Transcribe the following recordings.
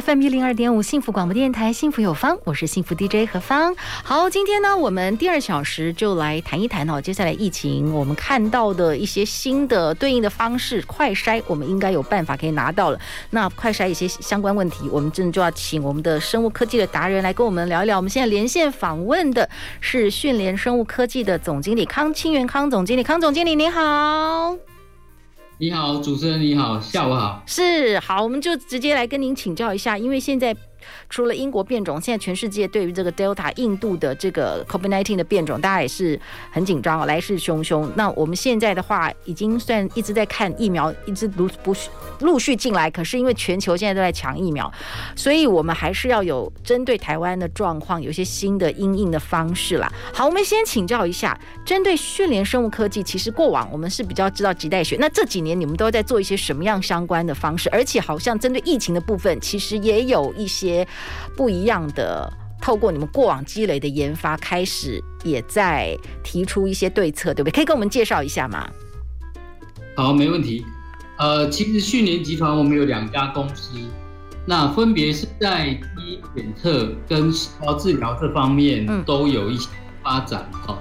FM 一零二點五幸福廣播電台，幸福有方，我是幸福 DJ 何方。好，今天呢，我們第二小時就來談一談哦，接下來疫情我們看到的一些新的對應的方式，快篩我們應該有辦法可以拿到了。那快篩一些相關問題，我們真的就要請我們的生物科技的達人來跟我們聊一聊。我們現在連線訪問的是訊聯生物科技的總經理康清原，康總經理，康總經理，您好。你好，主持人你好，下午好。是，好，我們就直接來跟您請教一下，因為現在，除了英國變種，現在全世界對於這個 Delta 印度的這個 COVID-19 的變種，大家也是很緊張，來勢洶洶。那我們現在的話，已經算一直在看疫苗，一直陸不陸續進來。可是因為全球現在都在搶疫苗，所以我們還是要有針對台灣的狀況，有一些新的因應的方式啦。好，我們先請教一下，針對訊聯生物科技，其實過往我們是比較知道臍帶血。那這幾年你們都在做一些什麼樣相關的方式？而且好像針對疫情的部分，其實也有一些。些不一樣的，透過你們過往積累的研發，開始也在提出一些對策，對不對？可以跟我們介紹一下嗎？好，沒問題。呃，其實訊聯集團我們有兩家公司，那分別是在基因檢測跟細胞治療這方面都有一些發展。嗯哦、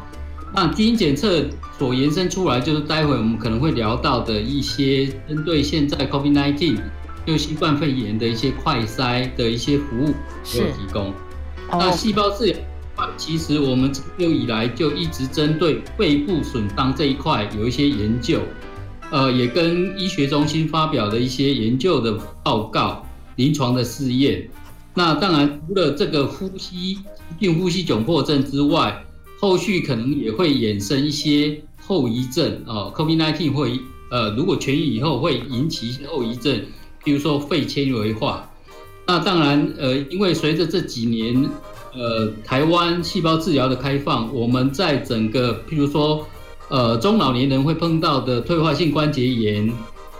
那基因檢測所延伸出來，就是待會我們可能會聊到的一些針對現在 COVID-19。就新冠肺炎的一些快篩的一些服務有提供。是。哦、那細胞治療其實我們長久以來就一直針對肺部損傷這一塊有一些研究，呃，也跟醫學中心發表的一些研究的報告、臨床的試驗。那當然除了這個呼吸，因呼吸窘迫症之外，後續可能也會衍生一些後遺症啊，COVID-19 會呃，如果痊癒以後會引起一些後遺症。比如說肺纖維化，那當然，呃，因為隨着這幾年，呃，台灣細胞治療的開放，我們在整個，譬如說，呃，中老年人會碰到的退化性關節炎，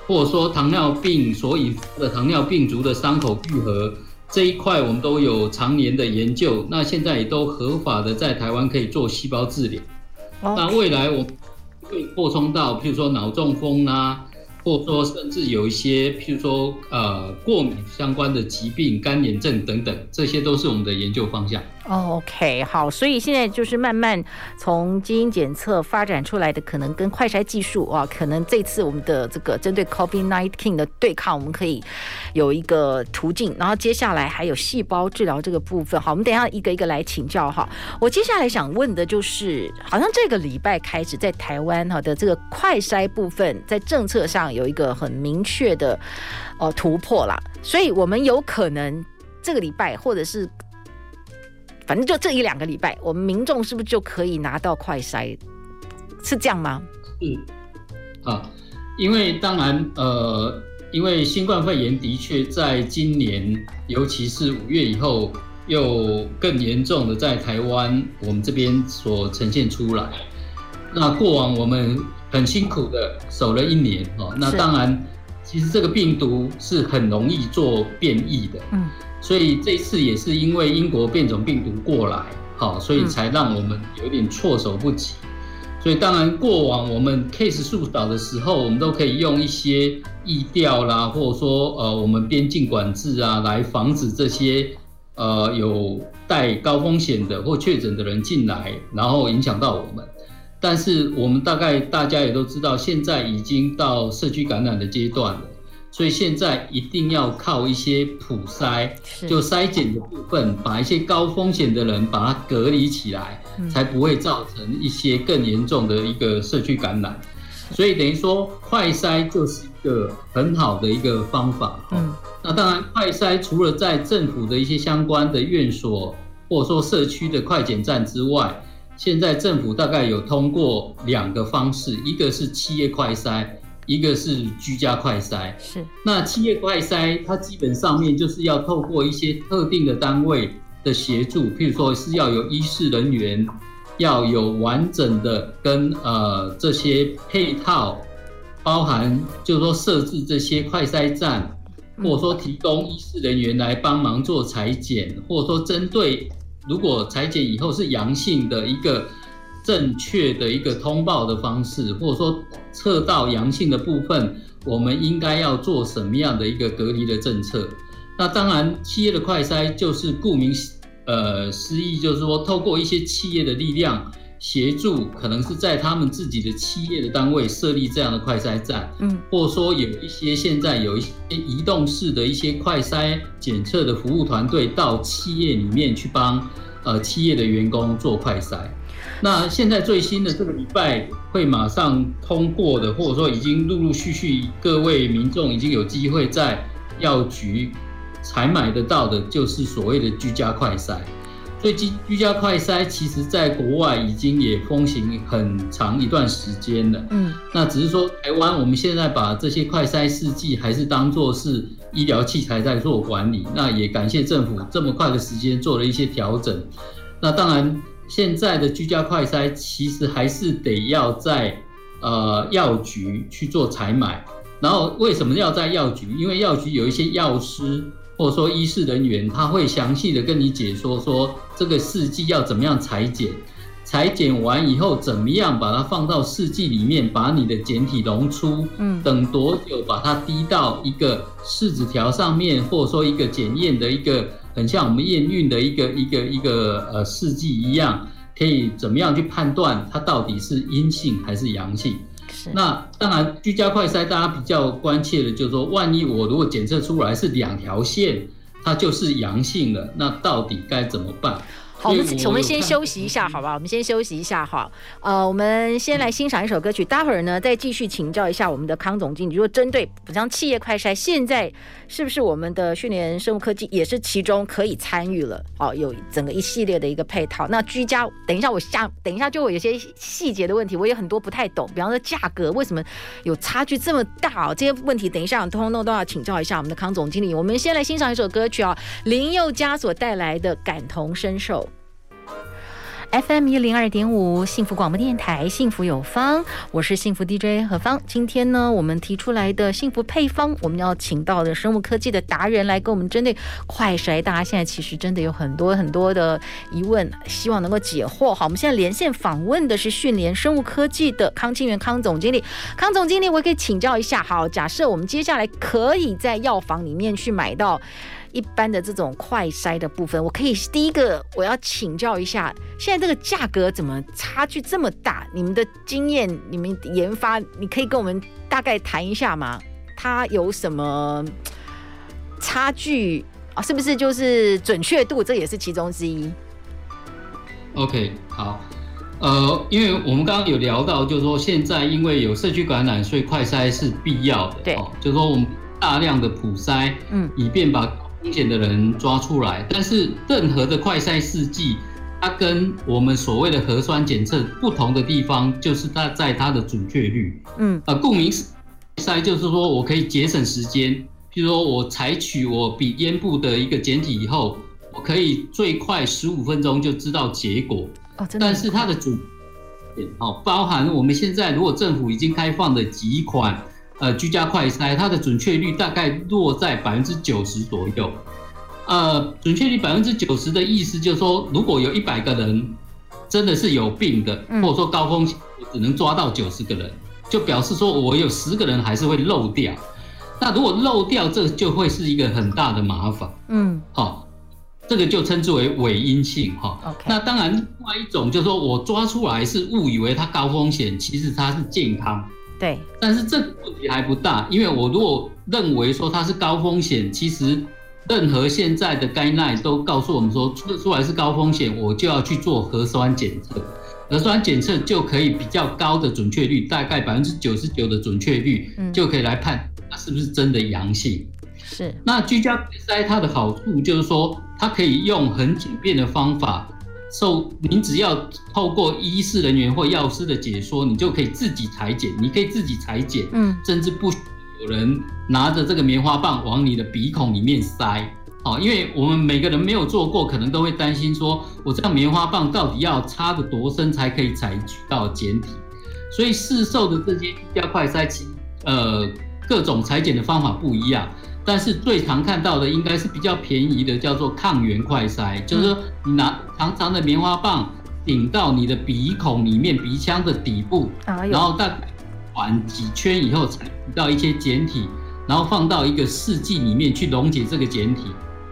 或者說糖尿病所引起的糖尿病足的傷口愈合這一塊，我們都有常年的研究，那現在也都合法的在台灣可以做細胞治療，那未來我們會擴充到，譬如說腦中風啊或者說，甚至有一些，譬如說，呃，過敏相關的疾病、乾眼症等等，這些都是我們的研究方向。哦，OK，好，所以現在就是慢慢從基因檢測發展出來的，可能跟快篩技術啊，可能這次我們的這個針對 COVID nineteen 的對抗，我們可以有一個途徑。然後接下來還有細胞治療這個部分，好，我們等一下一個一個來請教哈、啊。我接下來想問的就是，好像這個禮拜開始在台灣哈的這個快篩部分，在政策上有一個很明確的哦突破啦，所以我們有可能這個禮拜或者是。反正就這一兩個禮拜，我們民眾是不是就可以拿到快篩？是這樣嗎？嗯，啊，因為當然，呃，因為新冠肺炎的確在今年，尤其是五月以後，又更嚴重的在台灣我們這邊所呈現出來。那過往我們很辛苦的守了一年哦，啊。那當然。其實這個病毒是很容易做變異的，嗯，所以這一次也是因為英國變種病毒過來，好，所以才讓我們有點措手不及。所以當然，過往我們 case 數少的時候，我們都可以用一些疫調啦，或者說呃，我們邊境管制啊，來防止這些呃有帶高風險的或確診的人進來，然後影響到我們。但是我們大概大家也都知道，現在已經到社區感染的階段了，所以現在一定要靠一些普篩，就篩檢的部分，把一些高風險的人把它隔離起來，才不會造成一些更嚴重的一個社區感染。所以等於說，快篩就是一個很好的一個方法。那當然，快篩除了在政府的一些相關的院所，或者說社區的快檢站之外。現在政府大概有通過兩個方式，一個是企業快篩，一個是居家快篩。是。那企業快篩，它基本上面就是要透過一些特定的單位的協助，譬如說是要有醫事人員，要有完整的跟呃這些配套，包含就是說設置這些快篩站，或者說提供醫事人員來幫忙做採檢，或者說針對。如果裁剪以後是陽性的一個正確的一個通報的方式，或者說測到陽性的部分，我們應該要做什麼樣的一個隔離的政策？那當然，企業的快篩就是顧名思呃思義，就是說透過一些企業的力量。協助可能是在他們自己的企業的單位設立這樣的快篩站，嗯，或者說有一些現在有一些移動式的一些快篩檢測的服務團隊到企業裡面去幫呃企業的員工做快篩。那現在最新的這個禮拜會馬上通過的，或者說已經陸陸續續，各位民眾已經有機會在藥局才買得到的，就是所謂的居家快篩。所以居居家快篩其實，在國外，已經也風行很長一段時間了。嗯，那只是說台灣，我們現在把這些快篩試劑還是當作是醫療器材在做管理。那也感謝政府這麼快的時間做了一些調整。那當然，現在的居家快篩其實還是得要在呃藥局去做採買。然後為什麼要在藥局？因為藥局有一些藥師。或者說，醫事人員他會詳細的跟你解說，說這個試劑要怎麼樣裁剪，裁剪完以後怎麼樣把它放到試劑裡面，把你的檢體溶出，嗯，等多久把它滴到一個試紙條上面，或者說一個檢驗的一個很像我們驗孕的一個一個一個呃試劑一樣，可以怎麼樣去判斷它到底是陰性還是陽性。那當然，居家快篩大家比較關切的，就是說，萬一我如果檢測出來是兩條線，它就是陽性了，那到底該怎麼辦？好，我們我們先休息一下，好吧？我們先休息一下，好。呃，我們先來欣賞一首歌曲，待會兒呢再繼續請教一下我們的康總經理。如果針對，像企業快篩，現在是不是我們的訊聯生物科技也是其中可以參與了？哦，有整個一系列的一個配套。那居家，等一下我下，等一下就有些細節的問題，我有很多不太懂，比方說價格為什麼有差距這麼大？這些問題等一下通通都要請教一下我們的康總經理。我們先來欣賞一首歌曲啊，林宥嘉所帶來的《感同身受》。FM 一零二點五，幸福廣播電臺，幸福有方，我是幸福 DJ 何芳。今天呢，我們提出來的幸福配方，我們要請到的生物科技的達人來跟我們針對快篩，大家現在其實真的有很多很多的疑問，希望能夠解惑。好，我們現在連線訪問的是訊聯生物科技的康清原康總經理。康總經理，我可以請教一下，好，假設我們接下來可以在藥房裡面去買到。一般的這種快篩的部分，我可以第一個我要請教一下，現在這個價格怎麼差距這麼大？你們的經驗，你們研發，你可以跟我們大概談一下嗎？它有什麼差距啊？是不是就是準確度？這也是其中之一。OK，好，呃，因為我們剛剛有聊到，就是說現在因為有社區感染，所以快篩是必要的。對，哦，就是說我們大量的普篩，嗯，以便把。風險的人抓出來，但是任何的快篩試劑，它跟我們所謂的核酸檢測不同的地方，就是它在它的準確率。嗯，啊，顧名思義就是說我可以節省時間，譬如說我採取我鼻咽部的一個檢體以後，我可以最快十五分鐘就知道結果。哦，真的。但是它的準，哦，包含我們現在如果政府已經開放的幾款。呃，居家快篩它的準確率大概落在百分之九十左右。呃，準確率百分之九十的意思就是說，如果有一百個人真的是有病的，或者說高風險，我只能抓到九十個人，就表示說我有十個人還是會漏掉。那如果漏掉，這就會是一個很大的麻煩。嗯，好，哦，這個就稱之為偽陰性哈。哦，Okay. 那當然，另外一種就是說我抓出來是誤以為它高風險，其實它是健康。對，但是這個問題還不大，因為我如果認為說它是高風險，其實任何現在的 guideline 都告訴我們說，測出來是高風險，我就要去做核酸檢測。核酸檢測就可以比較高的準確率，大概百分之九十九的準確率，嗯、就可以來判它是不是真的陽性。是。那居家篩它的好處就是說，它可以用很簡便的方法。受您、so, 只要透過醫事人員或藥師的解說，你就可以自己採檢，你可以自己採檢，嗯、甚至不許有人拿着這個棉花棒往你的鼻孔裡面塞。哦，因為我們每個人沒有做過，可能都會擔心說，我這個棉花棒到底要插得多深才可以採取到檢體，所以市售的這些膠塊塞其呃各種採檢的方法不一樣。但是最常看到的應該是比較便宜的，叫做抗原快篩，就是說你拿長長的棉花棒頂到你的鼻孔裡面，鼻腔的底部，然後再轉幾圈以後，採到一些檢體，然後放到一個試劑裡面去溶解這個檢體，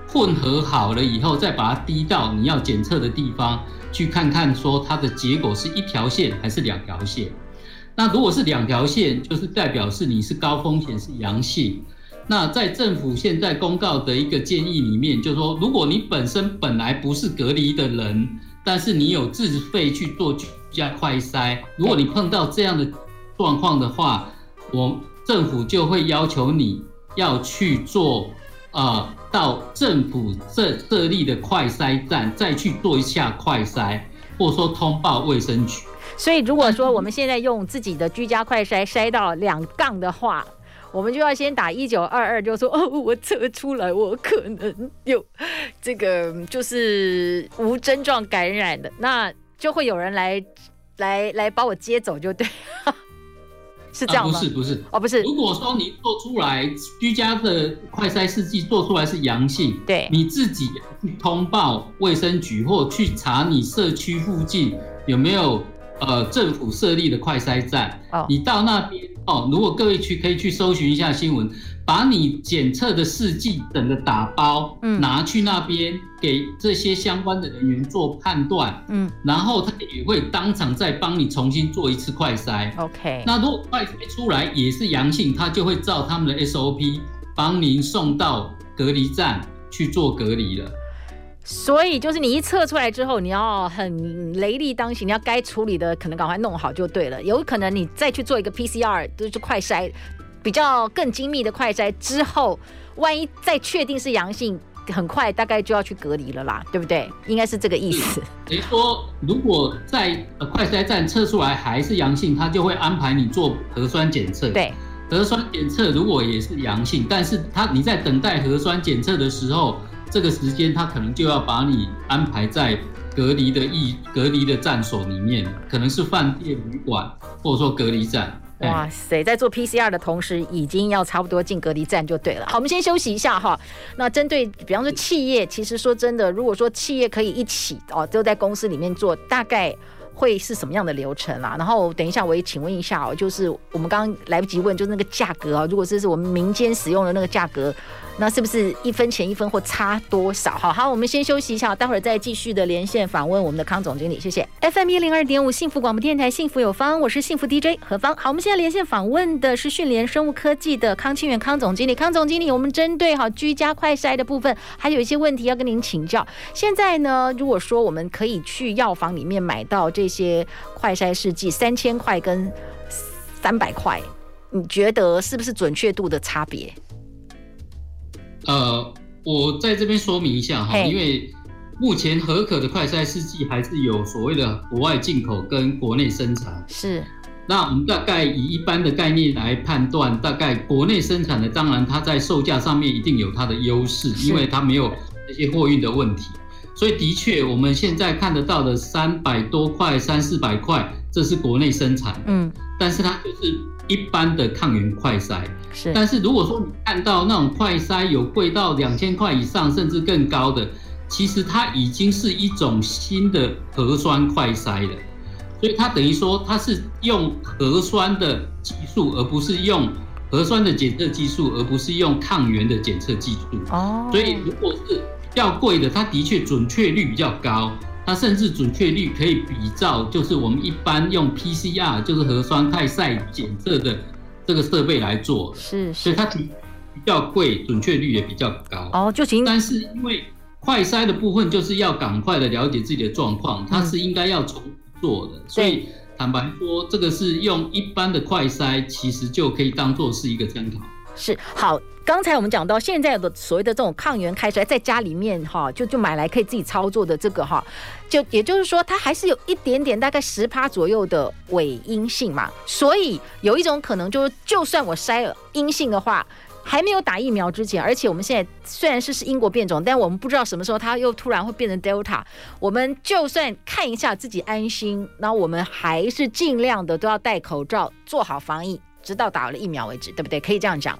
混合好了以後，再把它滴到你要檢測的地方，去看看說它的結果是一條線還是兩條線。那如果是兩條線，就是代表是你是高風險，是陽性。那在政府現在公告的一個建議裡面，就是說，如果你本身本來不是隔離的人，但是你有自費去做居家快篩，如果你碰到這樣的狀況的話，我政府就會要求你要去做，呃，到政府設設立的快篩站再去做一下快篩，或者說通報衛生局。所以，如果說我們現在用自己的居家快篩篩到兩槓的話，我們就要先打一九二二，就說哦，我測出來我可能有這個，就是無症狀感染的，那就會有人來來來把我接走，就對， 是這樣嗎？啊，不是，不是哦，不是。如果說你做出來居家的快篩試劑做出來是陽性，對，你自己去通報衛生局，或去查你社區附近有沒有呃政府設立的快篩站，哦，你到那邊。哦，如果各位去可以去搜尋一下新聞，把你檢測的試劑等著打包，嗯，拿去那邊給這些相關的人員做判斷，嗯，然後他也會當場再幫你重新做一次快篩，OK。那如果快篩出來也是陽性，他就會照他們的 SOP 幫您送到隔離站去做隔離了。所以就是你一測出來之後，你要很雷厲當行，你要該處理的可能趕快弄好就對了。有可能你再去做一個 PCR，就是快篩，比較更精密的快篩之後，萬一再確定是陽性，很快大概就要去隔離了啦，對不對？應該是這個意思。等於說，如果在快篩站測出來還是陽性，他就會安排你做核酸檢測。對，核酸檢測如果也是陽性，但是他你在等待核酸檢測的時候。這個時間他可能就要把你安排在隔離的疫，隔離的站所裡面，可能是飯店、旅館，或者說隔離站。哇塞，在做 PCR 的同時，已經要差不多進隔離站就對了。好，我們先休息一下哈。那針對比方說企業，其實說真的，如果說企業可以一起哦，就在公司裡面做，大概。會是什麼樣的流程啊？然後等一下，我也請問一下哦，就是我們剛,剛來不及問，就是那個價格啊、哦，如果這是,是我們民間使用的那個價格，那是不是一分錢一分貨，差多少？好好，我們先休息一下，待會兒再繼續的連線訪問我們的康總經理，謝謝。FM 一零二點五幸福廣播電台，幸福有方，我是幸福 DJ 何芳。好，我們現在連線訪問的是訊聯生物科技的康清原康總經理，康總經理，我們針對好居家快篩的部分，還有一些問題要跟您請教。現在呢，如果說我們可以去藥房裡面買到這一些快篩試劑三千塊跟三百塊，你覺得是不是準確度的差別？呃，我在這邊說明一下哈，因為目前核可的快篩試劑還是有所謂的國外進口跟國內生產。是。那我們大概以一般的概念來判斷，大概國內生產的，當然它在售價上面一定有它的優勢，是因為它沒有這些貨運的問題。所以的確，我們現在看得到的三百多塊、三四百塊，這是國內生產的，嗯，但是它就是一般的抗原快篩。是，但是如果說你看到那種快篩有貴到兩千塊以上，甚至更高的，其實它已經是一種新的核酸快篩了。所以它等於說它是用核酸的技術，而不是用核酸的檢測技術，而不是用抗原的檢測技術。哦，所以如果是。要貴的，它的確準確率比較高，它甚至準確率可以比照，就是我們一般用 P C R，就是核酸快篩檢測的這個設備來做的，是，是，所以它比，比較貴，準確率也比較高。哦，就行，但是因為快篩的部分就是要趕快的了解自己的狀況，它是應該要重新做的，嗯、所以坦白說，這個是用一般的快篩，其實就可以當做是一個參考。是，好，剛才我們講到現在的所謂的這種抗原開出來，在家裡面哈、哦，就就買來可以自己操作的這個哈、哦，就也就是說它還是有一點點大概十趴左右的偽陰性嘛，所以有一種可能就是，就算我篩了陰性的話，還沒有打疫苗之前，而且我們現在雖然是是英國變種，但我們不知道什麼時候它又突然會變成 Delta，我們就算看一下自己安心，那我們還是盡量的都要戴口罩，做好防疫。直到打了疫苗為止，對不對？可以這樣講，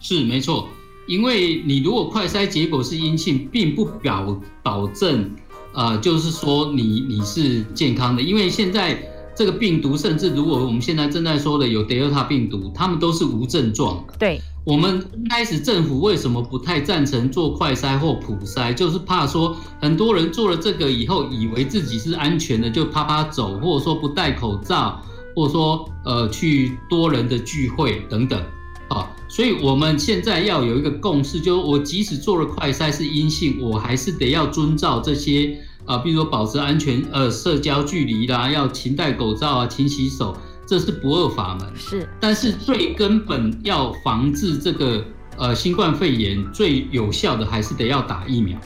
是沒錯。因為你如果快篩結果是陰性，並不表保證，呃，就是說你你是健康的。因為現在這個病毒，甚至如果我們現在正在說的有 Delta 病毒，他們都是無症狀。對，我們開始政府為什麼不太贊成做快篩或普篩？就是怕說很多人做了這個以後，以為自己是安全的，就趴趴走，或者說不戴口罩。或者說，呃，去多人的聚會等等，啊，所以我們現在要有一個共識，就是我即使做了快篩是陰性，我還是得要遵照這些啊、呃，比如說保持安全，呃，社交距離啦，要勤戴口罩啊，勤洗手，這是不二法門。是，但是最根本要防治這個呃新冠肺炎，最有效的還是得要打疫苗。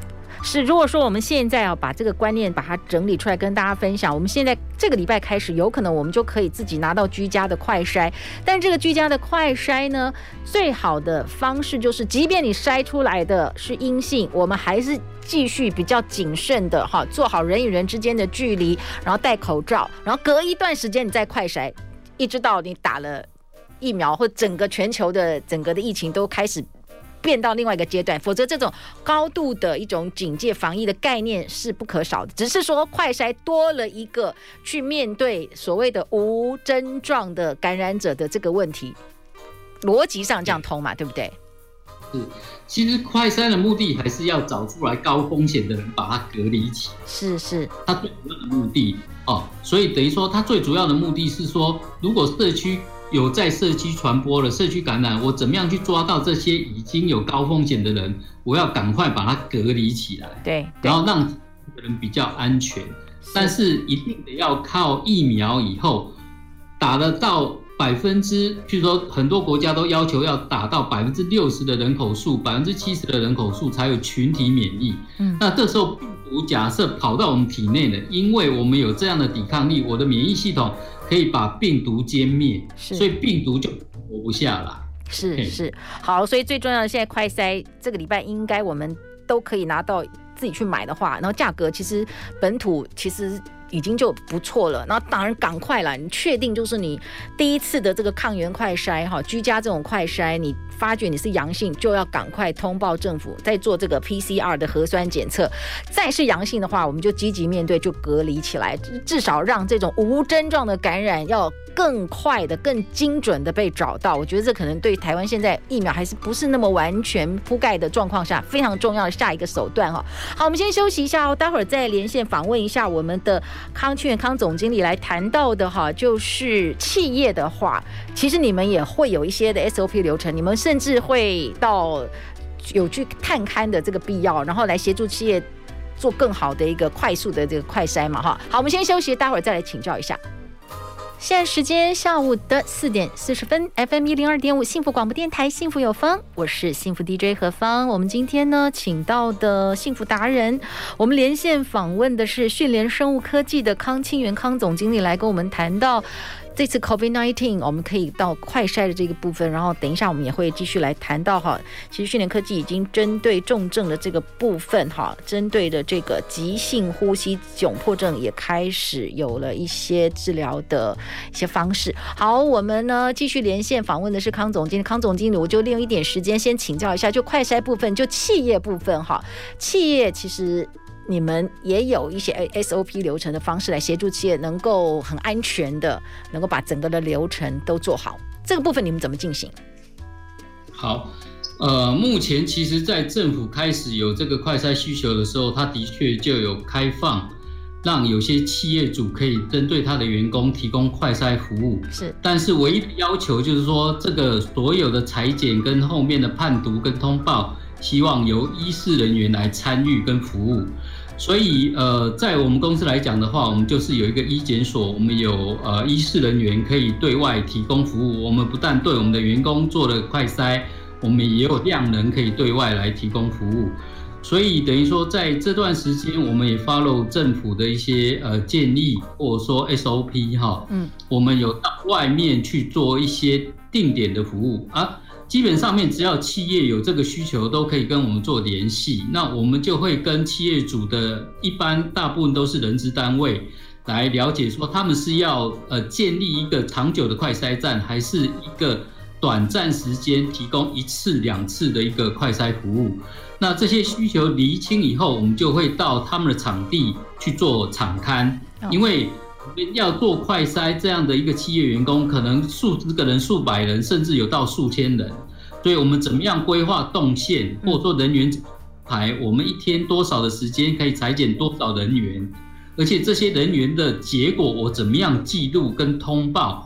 是，如果說我們現在啊，把這個觀念把它整理出來跟大家分享，我們現在這個禮拜開始，有可能我們就可以自己拿到居家的快篩。但這個居家的快篩呢，最好的方式就是，即便你篩出來的是陰性，我們還是繼續比較謹慎的哈，做好人與人之間的距離，然後戴口罩，然後隔一段時間你再快篩，一直到你打了疫苗，或整個全球的整個的疫情都開始。變到另外一個階段，否則這種高度的一種警戒防疫的概念是不可少的。只是說快篩多了一個去面對所謂的無症狀的感染者的這個問題，邏輯上這樣通嘛，對，對不對？是，其實快篩的目的還是要找出來高風險的人，把它隔離起。是是，它最主要的目的哦，所以等於說它最主要的目的是說，如果社區。有在社區傳播了，社區感染，我怎麼樣去抓到這些已經有高風險的人？我要趕快把它隔離起來，對，然後讓人比較安全。但是一定得要靠疫苗，以後打得到百分之，據說很多國家都要求要打到百分之六十的人口數，百分之七十的人口數才有群體免疫。嗯，那這時候病毒假設跑到我們體內了，因為我們有這樣的抵抗力，我的免疫系統。可以把病毒殲滅，是所以病毒就活不下了。是嘿。是是好，所以最重要的是現在快篩，這個禮拜應該我們都可以拿到自己去買的話，然後價格其實本土其實。已經就不錯了，那當然趕快啦。你確定就是你第一次的這個抗原快篩哈，居家這種快篩，你發覺你是陽性，就要趕快通報政府，再做這個 PCR 的核酸檢測。再是陽性的話，我們就積極面對，就隔離起來，至少讓這種無症狀的感染要。更快的，更精準的被找到，我覺得這可能對台灣現在疫苗還是不是那麼完全覆蓋的狀況下，非常重要的下一個手段哈。好，我們先休息一下哦，待會兒再連線訪問一下我們的康清原康總經理來談到的哈，就是企業的話，其實你們也會有一些的 SOP 流程，你們甚至會到有去探勘的這個必要，然後來協助企業做更好的一個快速的這個快篩嘛哈。好，我們先休息，待會兒再來請教一下。現在時間下午的四點四十分，FM 一零二點五幸福廣播電台，幸福有方，我是幸福 DJ 何方，我們今天呢，請到的幸福達人，我們連線訪問的是訊聯生物科技的康清原康總經理，來跟我們談到。這次 COVID-19，我們可以到快篩的這個部分，然後等一下我們也會繼續來談到哈。其實訊聯科技已經針對重症的這個部分哈，針對的這個急性呼吸窘迫症也開始有了一些治療的一些方式。好，我們呢繼續連線訪問的是康總經理，康總經理，我就利用一點時間先請教一下，就快篩部分，就氣液部分哈，氣液其實。你們也有一些 SOP 流程的方式，來協助企業能夠很安全的，能夠把整個的流程都做好。這個部分你們怎麼進行？好，呃，目前其實，在政府開始有這個快篩需求的時候，它的確就有開放，讓有些企業主可以針對他的員工提供快篩服務。是，但是唯一的要求就是說，這個所有的採檢跟後面的判讀跟通報，希望由醫事人員來參與跟服務。所以，呃，在我們公司來講的話，我們就是有一個醫檢所，我們有呃醫事人員可以對外提供服務。我們不但對我們的員工做了快篩，我們也有量能可以對外來提供服務。所以，等於說在這段時間，我們也發落政府的一些呃建議，或者說 SOP 哈，嗯，我們有到外面去做一些定點的服務啊。基本上面，只要企業有這個需求，都可以跟我們做聯繫。那我們就會跟企業主的，一般大部分都是人資單位，來了解說他們是要呃建立一個長久的快篩站，還是一個短暫時間提供一次兩次的一個快篩服務。那這些需求釐清以後，我們就會到他們的場地去做場勘，因為。要做快篩這樣的一個企業員工，可能數十個人，數百人，甚至有到數千人，所以我們怎麼樣規劃動線，或者說人員排，我們一天多少的時間可以採檢多少人員？而且這些人員的結果我怎麼樣記錄跟通報？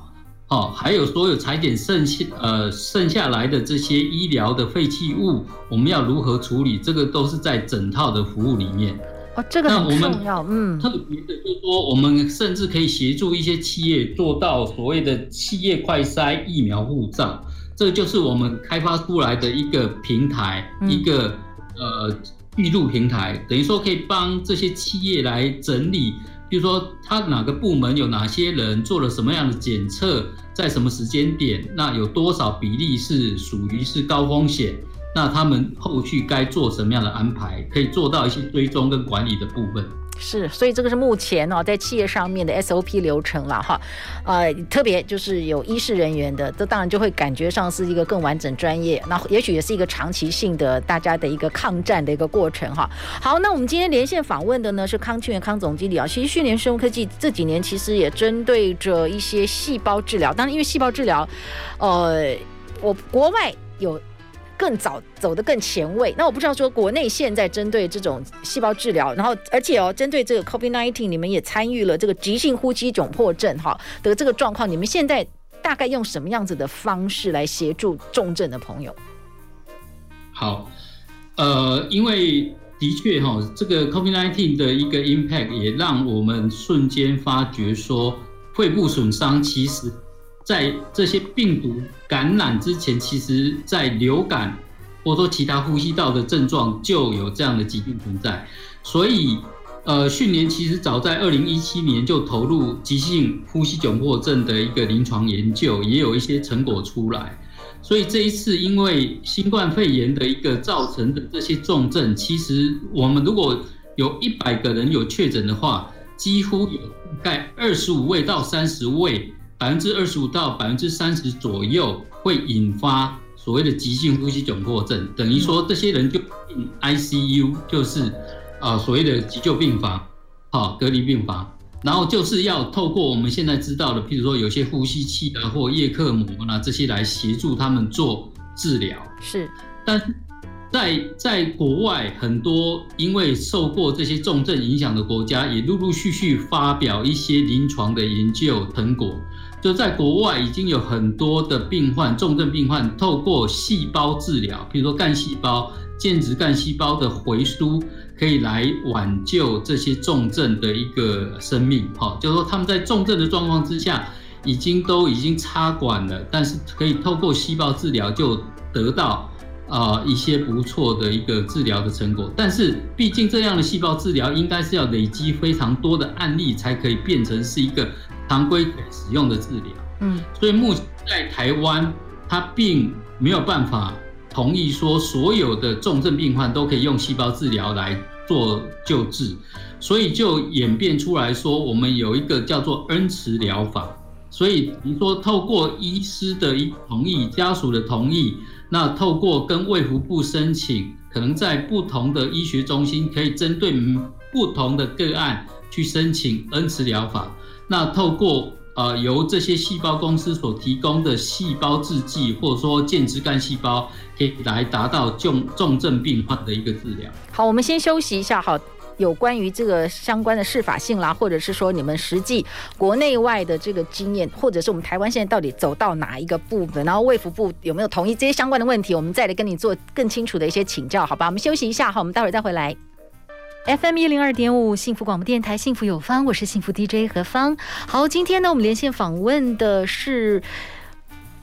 哦，還有所有採檢剩下呃剩下來的這些醫療的廢棄物，我們要如何處理？這個都是在整套的服務裡面。哦，這個很重要，嗯，我們特別的，就是說，我們甚至可以協助一些企業做到所謂的企業快篩疫苗護照，這就是我們開發出來的一個平台，嗯、一個呃預錄平台，等於說可以幫這些企業來整理，比如說他哪個部門有哪些人做了什麼樣的檢測，在什麼時間點，那有多少比例是屬於是高風險。嗯那他們後續該做什麼樣的安排，可以做到一些追蹤跟管理的部分？是，所以這個是目前哦，在企業上面的 SOP 流程了哈，呃，特別就是有醫事人員的，這當然就會感覺上是一個更完整、專業，那也許也是一個長期性的大家的一個抗戰的一個過程哈。好，那我們今天連線訪問的呢是康清原康總經理啊。其實訊聯生物科技這幾年其實也針對着一些細胞治療，當然因為細胞治療，呃，我國外有。更早走得更前衛。那我不知道說，國內現在針對這種細胞治療，然後而且哦，針對這個 COVID nineteen，你們也參與了這個急性呼吸窘迫症哈的這個狀況。你們現在大概用什麼樣子的方式來協助重症的朋友？好，呃，因為的確哈、哦，這個 COVID nineteen 的一個 impact 也讓我們瞬間發覺說，肺部損傷其實，在這些病毒感染之前，其實，在流感或者其他呼吸道的症狀就有這樣的疾病存在。所以，呃，訊聯其實早在二零一七年就投入急性呼吸窘迫症的一個臨床研究，也有一些成果出來。所以這一次，因為新冠肺炎的一個造成的這些重症，其實我們如果有一百個人有確診的話，幾乎有大概二十五位到三十位。百分之二十五到百分之三十左右會引發所謂的急性呼吸窘迫症，等於說這些人就進 ICU 就是啊所謂的急救病房，好、啊、隔離病房，然後就是要透過我們現在知道的，譬如說有些呼吸器啊或葉克膜那這些來協助他們做治療。是，但在在國外很多因為受過這些重症影響的國家，也陸陸續續發表一些臨床的研究成果。就在國外已經有很多的病患，重症病患透過細胞治療，比如說幹細胞、間質幹細胞的回輸，可以來挽救這些重症的一個生命。哈、哦，就是說他們在重症的狀況之下，已經都已經插管了，但是可以透過細胞治療就得到啊、呃、一些不錯的一個治療的成果。但是畢竟這樣的細胞治療應該是要累積非常多的案例才可以變成是一個。常規使用的治療，嗯，所以目前在台灣，它並沒有辦法同意說所有的重症病患都可以用細胞治療來做救治，所以就演變出來說，我們有一個叫做恩慈療法。所以，比如說透過醫師的同意、家屬的同意，那透過跟衛福部申請，可能在不同的醫學中心，可以針對不同的個案去申請恩慈療法。那透過呃，由這些細胞公司所提供的細胞製劑，或者說間質幹細胞，可以來達到重重症病患的一個治療。好，我們先休息一下哈。有關於這個相關的適法性啦，或者是說你們實際國內外的這個經驗，或者是我們台灣現在到底走到哪一個部分，然後衛福部有沒有同意這些相關的問題，我們再來跟你做更清楚的一些請教，好吧？我們休息一下哈，我們待會兒再回來。FM 一零二點五，幸福廣播電臺，幸福有方，我是幸福 DJ 何方。好，今天呢，我們連線訪問的是。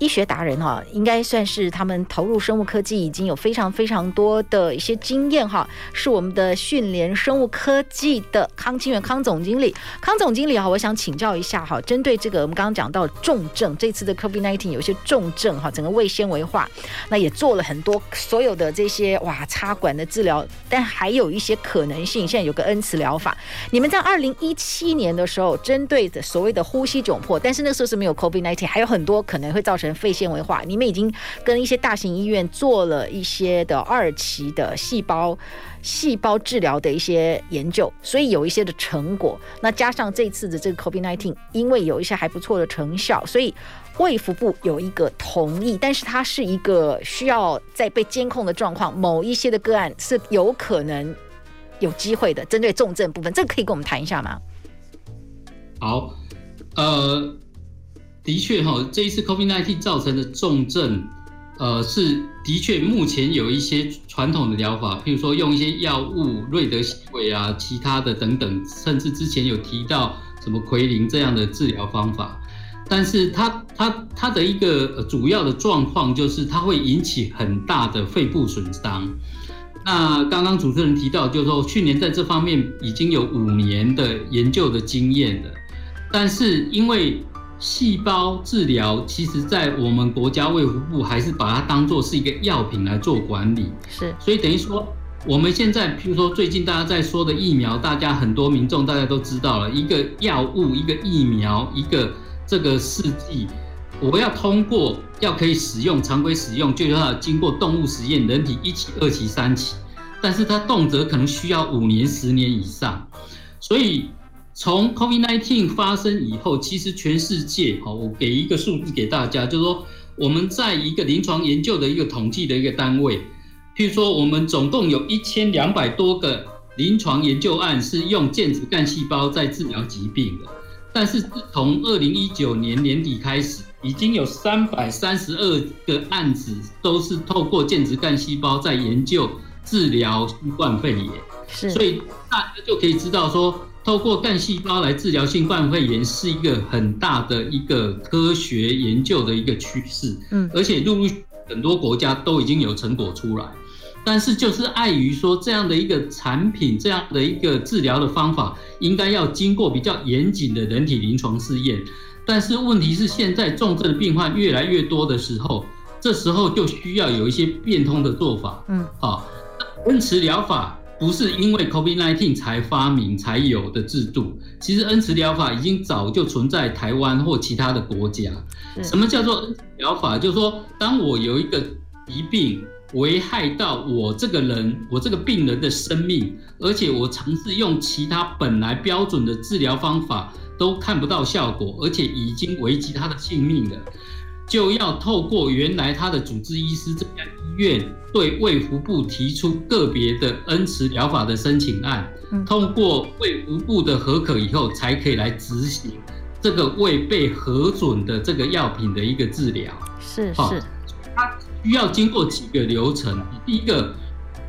醫學達人哈、啊，應該算是他們投入生物科技已經有非常非常多的一些經驗哈、啊，是我們的訊聯生物科技的康清原康總經理。康總經理哈、啊，我想請教一下哈、啊，針對這個我們剛剛講到重症，這次的 COVID-19 有些重症哈、啊，整個胃纖維化，那也做了很多所有的這些哇插管的治療，但還有一些可能性，現在有個恩慈療法。你們在二零一七年的時候，針對的所謂的呼吸窘迫，但是那時候是沒有 COVID-19，還有很多可能會造成。肺纖維化，你們已經跟一些大型醫院做了一些的二期的細胞細胞治療的一些研究，所以有一些的成果。那加上這次的這個 COVID-19，因為有一些還不錯的成效，所以衛福部有一個同意，但是它是一個需要在被監控的狀況。某一些的個案是有可能有機會的，針對重症的部分，這個可以跟我們談一下嗎？好，呃。的確，哈，這一次 COVID-19 造成的重症，呃，是的確目前有一些傳統的療法，譬如說用一些藥物、瑞德西韋啊、其他的等等，甚至之前有提到什麼奎寧這樣的治療方法。但是它，它它它的一個主要的狀況就是它會引起很大的肺部損傷。那剛剛主持人提到，就是說去年在這方面已經有五年的研究的經驗了，但是因為細胞治療其實，在我們國家衛福部還是把它當作是一個藥品來做管理。是，所以等於說，我們現在譬如說最近大家在說的疫苗，大家很多民眾大家都知道了，一個藥物、一個疫苗、一個這個試劑，我要通過要可以使用常規使用，就要經過動物實驗、人體一期、二期、三期，但是它動輒可能需要五年、十年以上，所以。從 COVID-19 發生以後，其實全世界，哈，我給一個數字給大家，就是說我們在一個臨床研究的一個統計的一個單位，譬如說，我們總共有一千兩百多個臨床研究案是用間質幹細胞在治療疾病的，但是自從二零一九年年底開始，已經有三百三十二個案子都是透過間質幹細胞在研究治療新冠肺炎，是，所以大家就可以知道說。透過幹細胞來治療新冠肺炎是一個很大的一個科學研究的一個趨勢，嗯，而且入很多國家都已經有成果出來，但是就是礙於說這樣的一個產品，這樣的一個治療的方法，應該要經過比較嚴謹的人體臨床試驗，但是問題是現在重症的病患越來越多的時候，這時候就需要有一些變通的做法，嗯、啊，嗯，好，恩慈療法。不是因為 COVID-19 才發明才有的制度，其實恩慈療法已經早就存在台灣或其他的國家。對什麼叫做恩慈療法？就是說，當我有一個疾病危害到我這個人，我這個病人的生命，而且我嘗試用其他本來標準的治療方法都看不到效果，而且已經危及他的性命了。就要透過原來他的主治醫師這家醫院，對衛福部提出個別的恩慈療法的申請案，嗯、通過衛福部的核可以後，才可以來執行這個未被核准的這個藥品的一個治療。是是、哦，他需要經過幾個流程。第一個，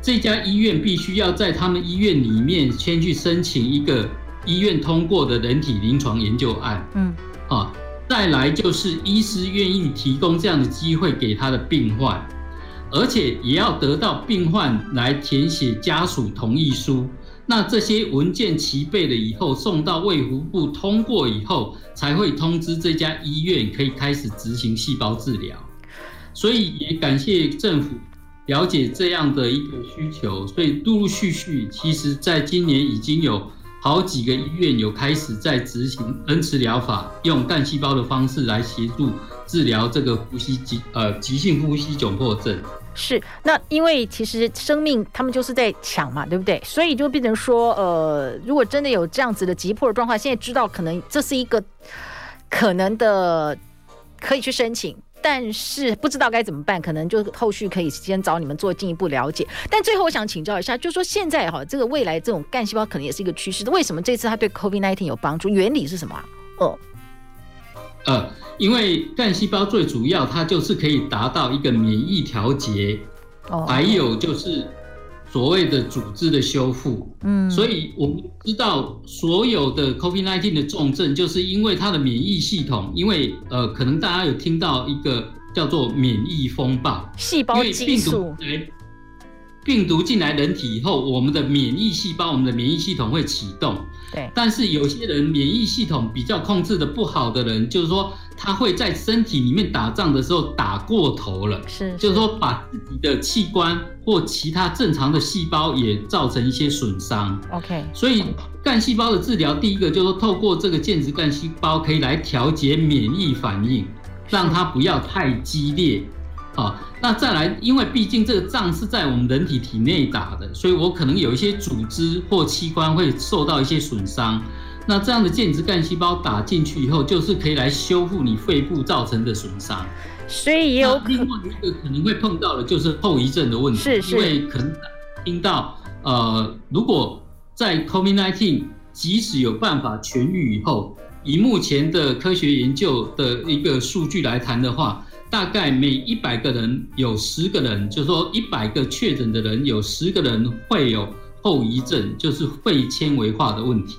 這家醫院必須要在他們醫院裡面先去申請一個醫院通過的人體臨床研究案。嗯啊。哦再來就是醫師願意提供這樣的機會給他的病患，而且也要得到病患來填寫家屬同意書。那這些文件齊備了以後，送到衛福部通過以後，才會通知這家醫院可以開始執行細胞治療。所以也感謝政府了解這樣的一個需求，所以陸陸續續，其實在今年已經有。好幾個醫院有開始在執行恩慈療法，用幹細胞的方式來協助治療這個呼吸急呃急性呼吸窘迫症。是，那因為其實生命他們就是在搶嘛，對不對？所以就變成說，呃，如果真的有這樣子的急迫的狀況，現在知道可能這是一個可能的可以去申請。但是不知道該怎麼辦，可能就後續可以先找你們做進一步了解。但最後我想請教一下，就是說現在哈，這個未來這種幹細胞可能也是一個趨勢，為什麼這次它對 COVID-19 有幫助？原理是什麼啊？哦，呃，因為幹細胞最主要它就是可以達到一個免疫調節，哦，還有就是。所謂的組織的修復，嗯，所以我們知道所有的 COVID-19 的重症，就是因為它的免疫系統，因為呃，可能大家有聽到一個叫做免疫風暴，細胞因為病毒，病毒進來人體以後，我們的免疫細胞，我們的免疫系統會啟動，對但是有些人免疫系統比較控制得不好的人，就是說。它會在身體裡面打仗的時候打過頭了，是，就是說把自己的器官或其他正常的細胞也造成一些損傷。OK，所以幹細胞的治療，第一個就是說透過這個間質幹細胞可以來調節免疫反應，讓它不要太激烈。好，那再來，因為畢竟這個仗是在我們人體體內打的，所以我可能有一些組織或器官會受到一些損傷。那這樣的間質幹細胞打進去以後，就是可以來修復你肺部造成的損傷。所以也有另外一個可能會碰到的就是後遺症的問題。是是。因為可能聽到呃，如果在 COVID-19 即使有辦法痊癒以後，以目前的科學研究的一個數據來談的話，大概每一百個人有十個人，就是說一百個確診的人有十個人會有後遺症，就是肺纖維化的問題。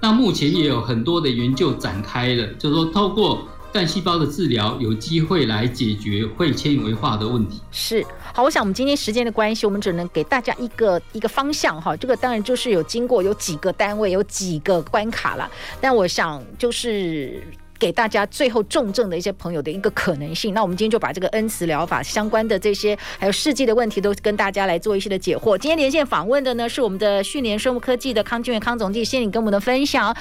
那目前也有很多的研究展開了，就是說透過幹細胞的治療，有機會來解決會纖維化的問題。是，好，我想我們今天時間的關係，我們只能給大家一個一個方向哈。這個當然就是有經過有幾個單位，有幾個關卡啦。但我想就是。給大家最後重症的一些朋友的一個可能性。那我們今天就把這個恩慈療法相關的這些，還有試劑的問題，都跟大家來做一些的解惑。今天連線訪問的呢是我們的旭聯生物科技的康俊元康總，謝先你跟我們的分享。